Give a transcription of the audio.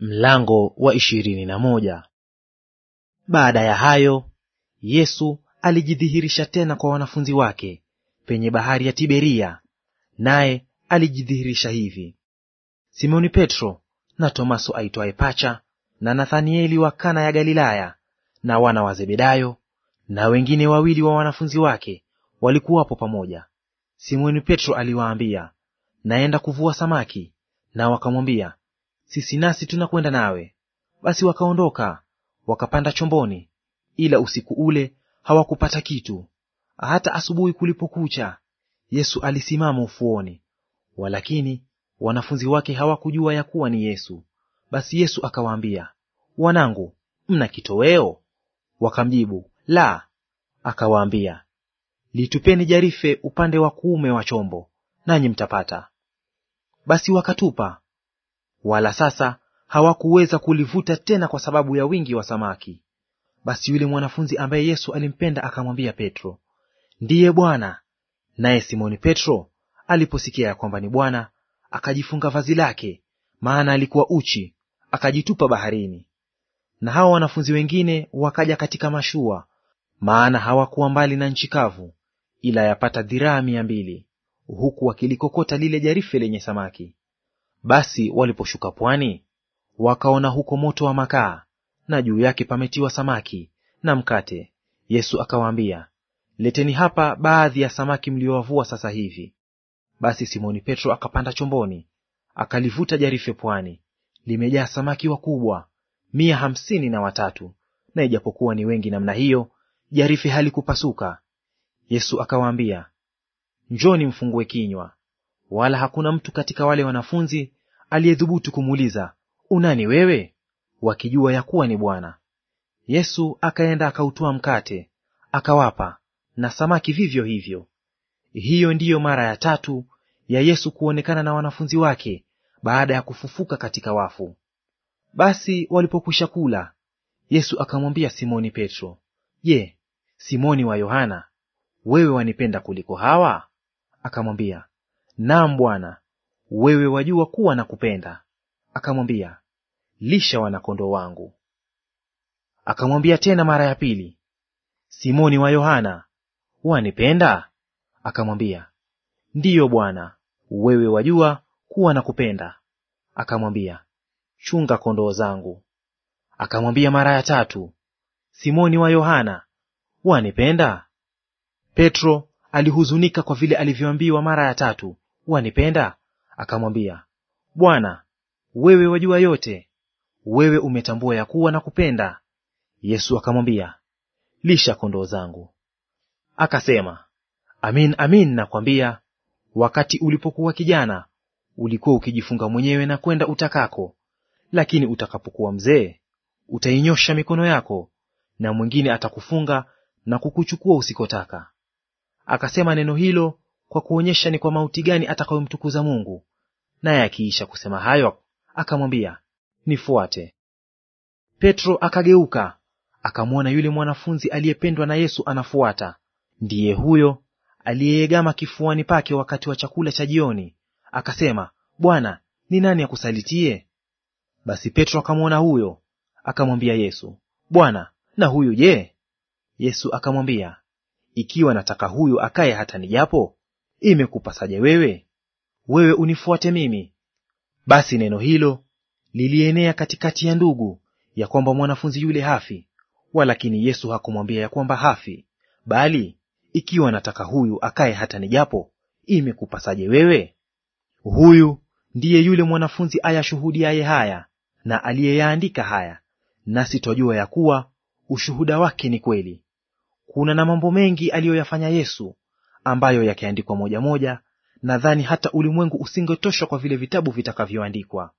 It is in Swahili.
Mlango wa ishirini na moja. Baada ya hayo Yesu alijidhihirisha tena kwa wanafunzi wake penye bahari ya Tiberia, naye alijidhihirisha hivi: Simoni Petro na Tomaso aitwaye Pacha na Nathanieli wa Kana ya Galilaya na wana wa Zebedayo na wengine wawili wa wanafunzi wake walikuwapo pamoja. Simoni Petro aliwaambia, naenda kuvua samaki. Nao wakamwambia sisi nasi tunakwenda nawe. Basi wakaondoka wakapanda chomboni, ila usiku ule hawakupata kitu. Hata asubuhi kulipokucha, Yesu alisimama ufuoni, walakini wanafunzi wake hawakujua ya kuwa ni Yesu. Basi Yesu akawaambia, wanangu, mna kitoweo? Wakamjibu, la. Akawaambia, litupeni jarife upande wa kuume wa chombo, nanyi mtapata. Basi wakatupa, wala sasa hawakuweza kulivuta tena kwa sababu ya wingi wa samaki. Basi yule mwanafunzi ambaye Yesu alimpenda akamwambia Petro, ndiye Bwana. Naye Simoni Petro aliposikia ya kwamba ni Bwana, akajifunga vazi lake, maana alikuwa uchi, akajitupa baharini. Na hawa wanafunzi wengine wakaja katika mashua, maana hawakuwa mbali na nchi kavu, ila yapata dhiraa mia mbili, huku wakilikokota lile jarife lenye samaki. Basi waliposhuka pwani, wakaona huko moto wa makaa, na juu yake pametiwa samaki na mkate. Yesu akawaambia, leteni hapa baadhi ya samaki mliowavua sasa hivi. Basi Simoni Petro akapanda chomboni, akalivuta jarife pwani, limejaa samaki wakubwa mia hamsini na watatu, na ijapokuwa ni wengi namna hiyo, jarife halikupasuka. Yesu akawaambia, njoni mfungue kinywa wala hakuna mtu katika wale wanafunzi aliyedhubutu kumuuliza unani wewe, wakijua ya kuwa ni Bwana. Yesu akaenda akautoa mkate akawapa, na samaki vivyo hivyo. Hiyo ndiyo mara ya tatu ya Yesu kuonekana na wanafunzi wake baada ya kufufuka katika wafu. Basi walipokwisha kula, Yesu akamwambia Simoni Petro, Je, Simoni wa Yohana, wewe wanipenda kuliko hawa? Akamwambia, Naam Bwana, wewe wajua kuwa nakupenda. Akamwambia, lisha wanakondoo wangu. Akamwambia tena mara ya pili, Simoni wa Yohana, wanipenda? Akamwambia, ndiyo Bwana, wewe wajua kuwa nakupenda. Akamwambia, chunga kondoo zangu. Akamwambia mara ya tatu, Simoni wa Yohana, wanipenda? Petro alihuzunika kwa vile alivyoambiwa mara ya tatu, wanipenda? Akamwambia, Bwana, wewe wajua yote, wewe umetambua ya kuwa na kupenda. Yesu akamwambia, lisha kondoo zangu. Akasema, amin amin nakwambia, wakati ulipokuwa kijana ulikuwa ukijifunga mwenyewe na kwenda utakako, lakini utakapokuwa mzee utainyosha mikono yako, na mwingine atakufunga na kukuchukua usikotaka. Akasema neno hilo kwa kuonyesha ni kwa mauti gani atakayomtukuza Mungu. Naye akiisha kusema hayo, akamwambia, nifuate. Petro akageuka akamwona yule mwanafunzi aliyependwa na Yesu anafuata. Ndiye huyo aliyeegama kifuani pake wakati wa chakula cha jioni, akasema, Bwana, ni nani akusalitie? Basi Petro akamwona huyo, akamwambia Yesu, Bwana, na huyu je? Yesu akamwambia, ikiwa nataka huyu akaye hata nijapo, imekupasaje wewe? Wewe unifuate mimi. Basi neno hilo lilienea katikati ya ndugu, ya kwamba mwanafunzi yule hafi. Walakini Yesu hakumwambia ya kwamba hafi, bali ikiwa nataka huyu akaye hata nijapo, imekupasaje wewe? Huyu ndiye yule mwanafunzi ayashuhudiaye haya na aliyeyaandika haya, nasi twajua ya kuwa ushuhuda wake ni kweli. Kuna na mambo mengi aliyoyafanya Yesu ambayo yakiandikwa moja moja, nadhani hata ulimwengu usingetoshwa kwa vile vitabu vitakavyoandikwa.